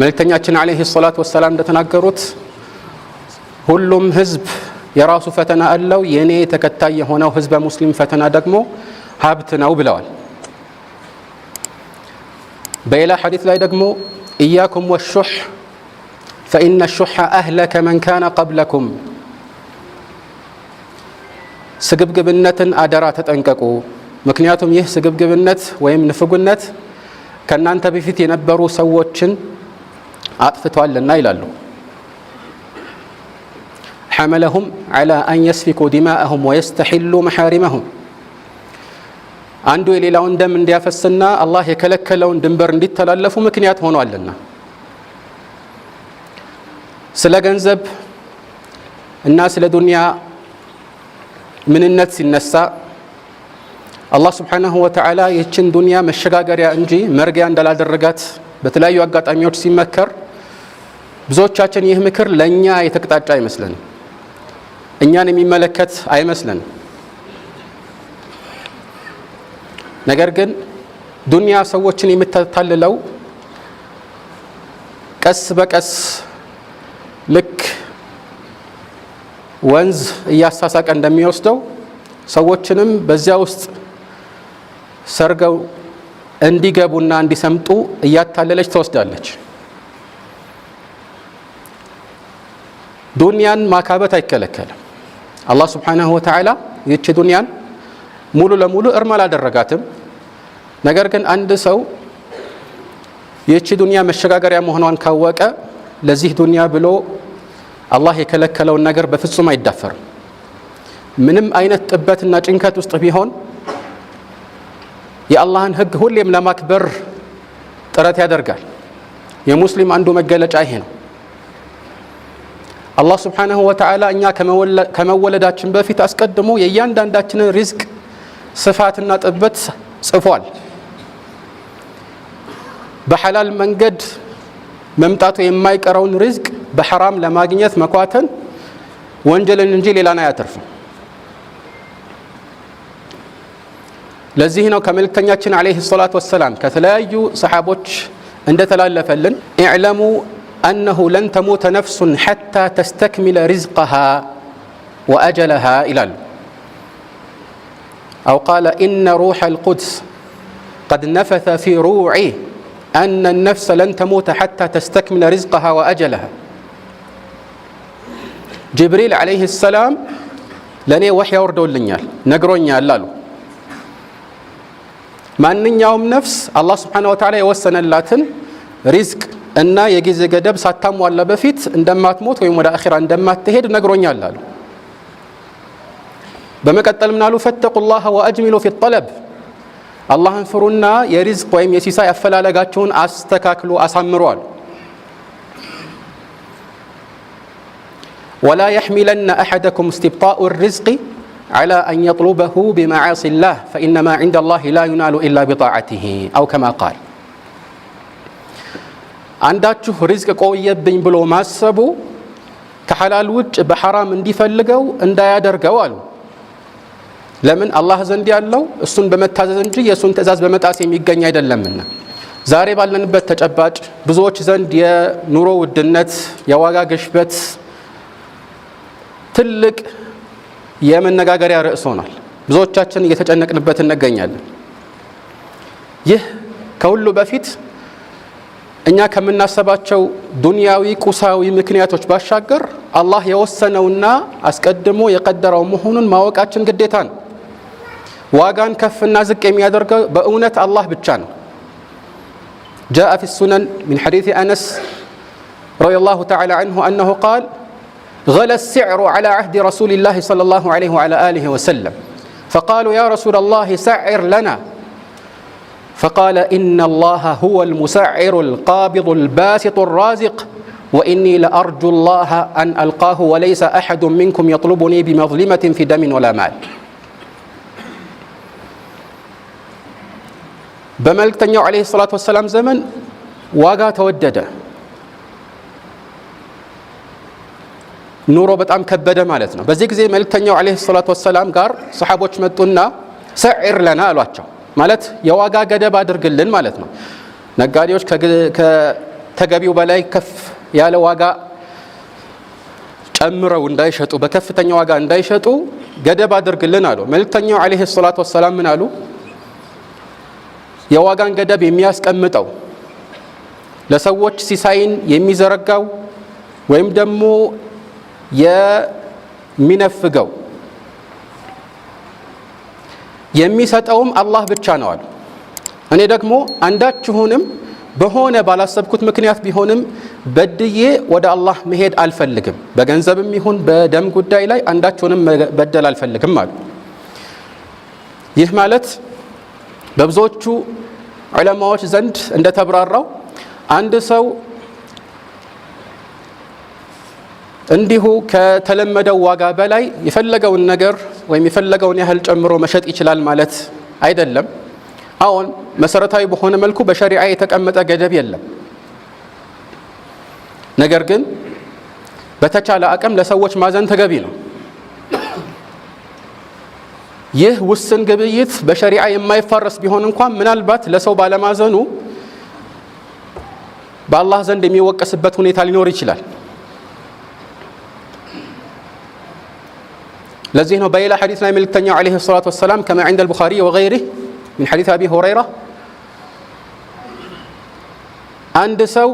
መልእክተኛችን ዓለይሂ ሰላት ወሰላም እንደተናገሩት ሁሉም ህዝብ የራሱ ፈተና አለው። የእኔ ተከታይ የሆነው ህዝበ ሙስሊም ፈተና ደግሞ ሀብት ነው ብለዋል። በሌላ ሐዲት ላይ ደግሞ እያኩም ወሹሕ ፈኢነ ሹሐ አህለከ መን ካነ ቀብለኩም፣ ስግብግብነትን አደራ ተጠንቀቁ፣ ምክንያቱም ይህ ስግብግብነት ወይም ንፍጉነት ከእናንተ በፊት የነበሩ ሰዎችን አጥፍተዋልና ይላሉ። ሐመለሁም ዐላ አን የስፊኩ ዲማአሁም ወየስተሒሉ መሐሪመሁም አንዱ የሌላውን ደም እንዲያፈስና አላህ የከለከለውን ድንበር እንዲተላለፉ ምክንያት ሆኗልና። ስለ ገንዘብ እና ስለ ዱንያ ምንነት ሲነሳ አላህ ስብሓናሁ ወተዓላ ይህችን ዱንያ መሸጋገሪያ እንጂ መርጊያ እንዳላደረጋት በተለያዩ አጋጣሚዎች ሲመከር ብዙዎቻችን ይህ ምክር ለእኛ የተቅጣጫ አይመስለን እኛን የሚመለከት አይመስለን ነገር ግን ዱንያ ሰዎችን የምታታልለው ቀስ በቀስ ልክ ወንዝ እያሳሳቀ እንደሚወስደው ሰዎችንም በዚያ ውስጥ ሰርገው እንዲገቡና እንዲሰምጡ እያታለለች ትወስዳለች። ዱንያን ማካበት አይከለከልም። አላህ ስብሓንሁ ወተዓላ ይቺ ዱንያን ሙሉ ለሙሉ እርም አላደረጋትም። ነገር ግን አንድ ሰው ይቺ ዱንያ መሸጋገሪያ መሆኗን ካወቀ ለዚህ ዱንያ ብሎ አላህ የከለከለውን ነገር በፍጹም አይዳፈርም። ምንም አይነት ጥበትና ጭንከት ውስጥ ቢሆን የአላህን ሕግ ሁሌም ለማክበር ጥረት ያደርጋል። የሙስሊም አንዱ መገለጫ ይሄ ነው። አላህ ስብሓነሁ ወተዓላ እኛ ከመወለዳችን በፊት አስቀድሞ የእያንዳንዳችንን ሪዝቅ ስፋትና ጥበት ጽፏል። በሐላል መንገድ መምጣቱ የማይቀረውን ሪዝቅ በሐራም ለማግኘት መኳተን ወንጀልን እንጂ ሌላን አያተርፍም። ለዚህ ነው ከመልእክተኛችን ዓለይሂ ሰላቱ ወሰላም ከተለያዩ ሰሓቦች እንደተላለፈልን ኢዕለሙ أنه لن تموت نفس حتى تستكمل رزقها وأجلها إلى أو قال إن روح القدس قد نفث في روعي أن النفس لن تموت حتى تستكمل رزقها وأجلها جبريل عليه السلام لن يوحي أردو لنيال نقرون لالو ما أن نفس الله سبحانه وتعالى يوسن اللاتن رزق እና የጊዜ ገደብ ሳታሟላ በፊት እንደማትሞት ወይም ወደ አኺራ እንደማትሄድ ነግሮኛል አሉ። በመቀጠል ምናሉ ፈተቁላህ ወአጅሚሉ ፊ ጠለብ አላህን ፍሩና የሪዝቅ ወይም የሲሳይ አፈላለጋችሁን አስተካክሉ አሳምሩ አሉ። ወላ የሕሚለና አሐደኩም እስትብጣኡ ሪዝቂ ዐላ አን የጥሉበሁ ቢመዓሲላህ ፈኢነማ ዐንደላህ ላ ዩናሉ ኢላ ቢጣዓቲሂ አው ከማ ቃል አንዳችሁ ሪዝቅ ቆየብኝ ብሎ ማሰቡ ከሐላል ውጭ በሐራም እንዲፈልገው እንዳያደርገው አሉ። ለምን? አላህ ዘንድ ያለው እሱን በመታዘዝ እንጂ የእሱን ትዕዛዝ በመጣስ የሚገኝ አይደለምና። ዛሬ ባለንበት ተጨባጭ ብዙዎች ዘንድ የኑሮ ውድነት፣ የዋጋ ግሽበት ትልቅ የመነጋገሪያ ርዕስ ሆኗል። ብዙዎቻችን እየተጨነቅንበት እንገኛለን። ይህ ከሁሉ በፊት እኛ ከምናሰባቸው ዱንያዊ ቁሳዊ ምክንያቶች ባሻገር አላህ የወሰነውና አስቀድሞ የቀደረው መሆኑን ማወቃችን ግዴታ ነው። ዋጋን ከፍና ዝቅ የሚያደርገው በእውነት አላህ ብቻ ነው። جاء في السنن من حديث أنس رضي الله تعالى عنه أنه قال غلى السعر على عهد رسول الله صلى الله عليه وعلى آله وسلم فقالوا يا رسول الله سعر لنا فقال ان الله هو المسعر القابض الباسط الرازق واني لارجو الله ان القاه وليس احد منكم يطلبني بمظلمه في دم ولا مال بملك تنيو عليه الصلاه والسلام زمن واغا تودد نورو بتام كبدة مالتنا بزيك زي ملك تنيو عليه الصلاه والسلام قال صحابوش متونا سعر لنا الواتشو ማለት የዋጋ ገደብ አድርግልን ማለት ነው። ነጋዴዎች ከተገቢው በላይ ከፍ ያለ ዋጋ ጨምረው እንዳይሸጡ በከፍተኛ ዋጋ እንዳይሸጡ ገደብ አድርግልን አሉ። መልእክተኛው ዓለይሂ ሰላቱ ወሰላም ምን አሉ? የዋጋን ገደብ የሚያስቀምጠው ለሰዎች ሲሳይን የሚዘረጋው ወይም ደግሞ የሚነፍገው የሚሰጠውም አላህ ብቻ ነው አሉ። እኔ ደግሞ አንዳችሁንም በሆነ ባላሰብኩት ምክንያት ቢሆንም በድዬ ወደ አላህ መሄድ አልፈልግም፣ በገንዘብም ይሁን በደም ጉዳይ ላይ አንዳችሁንም በደል አልፈልግም አሉ። ይህ ማለት በብዙዎቹ ዑለማዎች ዘንድ እንደተብራራው አንድ ሰው እንዲሁ ከተለመደው ዋጋ በላይ የፈለገውን ነገር ወይም የፈለገውን ያህል ጨምሮ መሸጥ ይችላል ማለት አይደለም። አሁን መሰረታዊ በሆነ መልኩ በሸሪዓ የተቀመጠ ገደብ የለም። ነገር ግን በተቻለ አቅም ለሰዎች ማዘን ተገቢ ነው። ይህ ውስን ግብይት በሸሪዓ የማይፋረስ ቢሆን እንኳን ምናልባት ለሰው ባለማዘኑ በአላህ ዘንድ የሚወቀስበት ሁኔታ ሊኖር ይችላል። ለዚህ ነው በሌላ ሐዲስ ላይ መልእክተኛው ዓለይሂ ሰላቱ ወሰላም ከማ ዐንደ አልቡኻሪ ወገይሪህ ሚን ሐዲስ አቢ ሁረይራ አንድ ሰው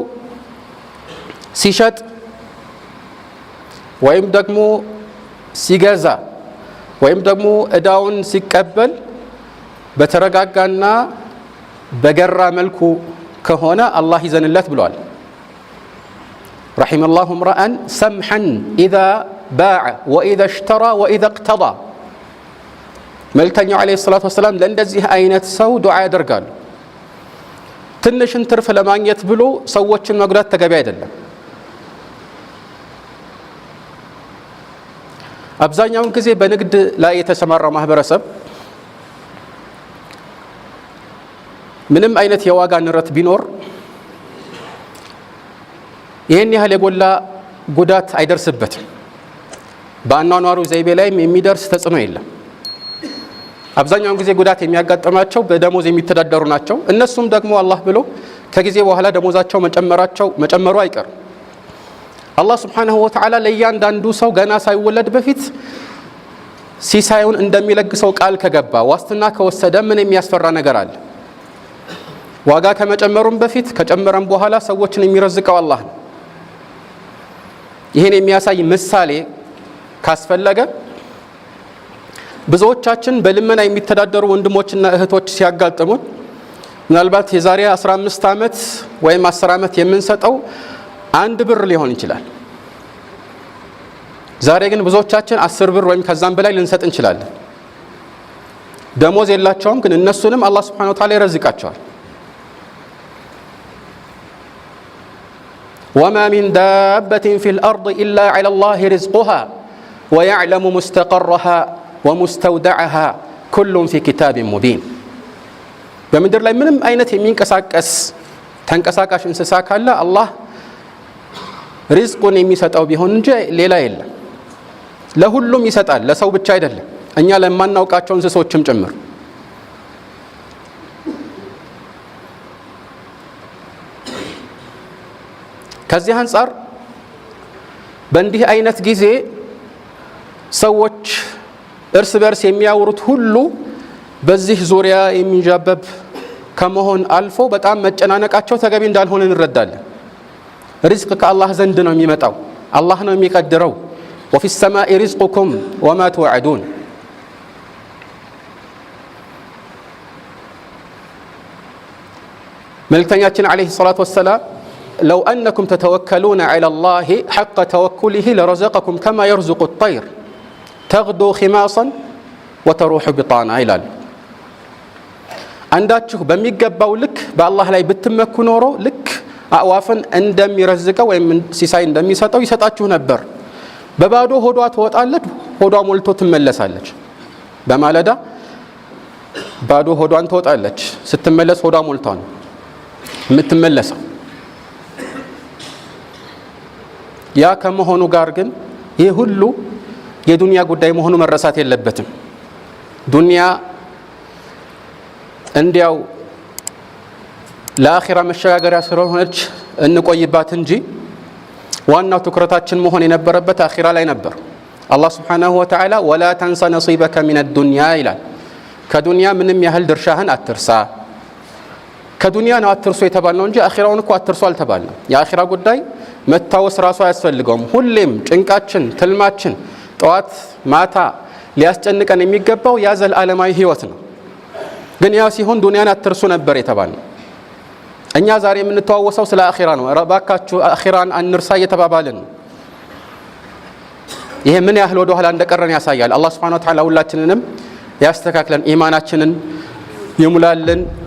ሲሸጥ ወይም ደግሞ ሲገዛ ወይም ደግሞ እዳውን ሲቀበል በተረጋጋና በገራ መልኩ ከሆነ አላህ ይዘንለት ብለዋል። ረሒመ ላሁ ምርአን ሰምሐን ኢዛ ባዐ ወኢዘ እሽተራ ወኢዘ እቅተዳ። መልእክተኛው ዓለይሂ ሰላቱ ወሰላም ለእንደዚህ አይነት ሰው ዱዓ ያደርጋሉ። ትንሽን ትርፍ ለማግኘት ብሎ ሰዎችን መጉዳት ተገቢ አይደለም። አብዛኛውን ጊዜ በንግድ ላይ የተሰማራው ማህበረሰብ ምንም አይነት የዋጋ ንረት ቢኖር ይህን ያህል የጎላ ጉዳት አይደርስበትም። በአኗኗሩ ዘይቤ ላይም የሚደርስ ተጽዕኖ የለም። አብዛኛውን ጊዜ ጉዳት የሚያጋጥማቸው በደሞዝ የሚተዳደሩ ናቸው። እነሱም ደግሞ አላህ ብሎ ከጊዜ በኋላ ደሞዛቸው መጨመራቸው መጨመሩ አይቀርም። አላህ ሱብሓነሁ ወተዓላ ለእያንዳንዱ ሰው ገና ሳይወለድ በፊት ሲሳዩን እንደሚለግሰው ቃል ከገባ ዋስትና ከወሰደ ምን የሚያስፈራ ነገር አለ? ዋጋ ከመጨመሩም በፊት ከጨመረም በኋላ ሰዎችን የሚረዝቀው አላህ ነው። ይህን የሚያሳይ ምሳሌ ካስፈለገ ብዙዎቻችን በልመና የሚተዳደሩ ወንድሞችና እህቶች ሲያጋጥሙን ምናልባት የዛሬ 15 ዓመት ወይም 10 ዓመት የምንሰጠው አንድ ብር ሊሆን ይችላል። ዛሬ ግን ብዙዎቻችን አስር ብር ወይም ከዛም በላይ ልንሰጥ እንችላለን። ደሞዝ የላቸውም፣ ግን እነሱንም አላህ ስብሐነሁ ወተዓላ ይረዝቃቸዋል። ወማ ሚን ዳበትን ፊል አርድ ኢላ ዐለላሂ ሪዝቁሃ ወያዕለሙ ሙስተቀረሃ ወሙስተውደዐሃ ኩሉም ፊ ኪታቢን ሙቢን። በምድር ላይ ምንም አይነት የሚንቀሳቀስ ተንቀሳቃሽ እንስሳ ካለ አላህ ሪዝቁን የሚሰጠው ቢሆን እንጂ ሌላ የለም። ለሁሉም ይሰጣል፣ ለሰው ብቻ አይደለም፣ እኛ ለማናውቃቸው እንስሶችም ጭምር። ከዚህ አንጻር በእንዲህ አይነት ጊዜ ሰዎች እርስ በርስ የሚያወሩት ሁሉ በዚህ ዙሪያ የሚንዣበብ ከመሆን አልፎ በጣም መጨናነቃቸው ተገቢ እንዳልሆነ እንረዳለን። ሪዝቅ ከአላህ ዘንድ ነው የሚመጣው፣ አላህ ነው የሚቀድረው። ወፊ ሰማኢ ሪዝቁኩም ወማ ትወዕዱን። መልእክተኛችን ዓለይሂ ሰላቱ ወሰላም ለው አነኩም ተተወከሉነ ዐላ ላሂ ሐቀ ተወኩሊሂ ለረዘቀኩም ከማ የርዙቁ ጠይር ተግዶ ኺማሰን ወተሩሑ ቢጣና ይላሉ። አንዳችሁ በሚገባው ልክ በአላህ ላይ ብትመኩ ኖሮ ልክ አዕዋፍን እንደሚረዝቀው ወይም ሲሳይ እንደሚሰጠው ይሰጣችሁ ነበር። በባዶ ሆዷ ትወጣለች፣ ሆዷ ሞልቶ ትመለሳለች። በማለዳ ባዶ ሆዷን ትወጣለች፣ ስትመለስ ሆዷ ሞልቷ ነው የምትመለሰው። ያ ከመሆኑ ጋር ግን ይህ ሁሉ የዱንያ ጉዳይ መሆኑ መረሳት የለበትም። ዱንያ እንዲያው ለአኺራ መሸጋገሪያ ስለሆነች እንቆይባት እንጂ ዋናው ትኩረታችን መሆን የነበረበት አኺራ ላይ ነበር። አላህ ስብሓናሁ ወተዓላ ወላ ተንሳ ነሲበከ ሚነ ዱንያ ይላል። ከዱንያ ምንም ያህል ድርሻህን አትርሳ። ከዱንያ ነው አትርሶ የተባልነው እንጂ አኺራውን እኮ አትርሶ አልተባልነው። የአኺራ ጉዳይ መታወስ ራሱ አያስፈልገውም። ሁሌም ጭንቃችን፣ ትልማችን ጠዋት ማታ ሊያስጨንቀን የሚገባው ያ ዓለማዊ ህይወት ነው። ግን ያ ሲሆን ዱንያን አትርሱ ነበር የተባልነው። እኛ ዛሬ የምንተዋወሰው ስለ አኺራ ነው። እባካችሁ አኺራን አንርሳ እየተባባልን ነው። ይሄ ምን ያህል ወደ ኋላ እንደቀረን ያሳያል። አላህ ሱብሓነሁ ወተዓላ ሁላችንንም ያስተካክለን፣ ኢማናችንን ይሙላልን።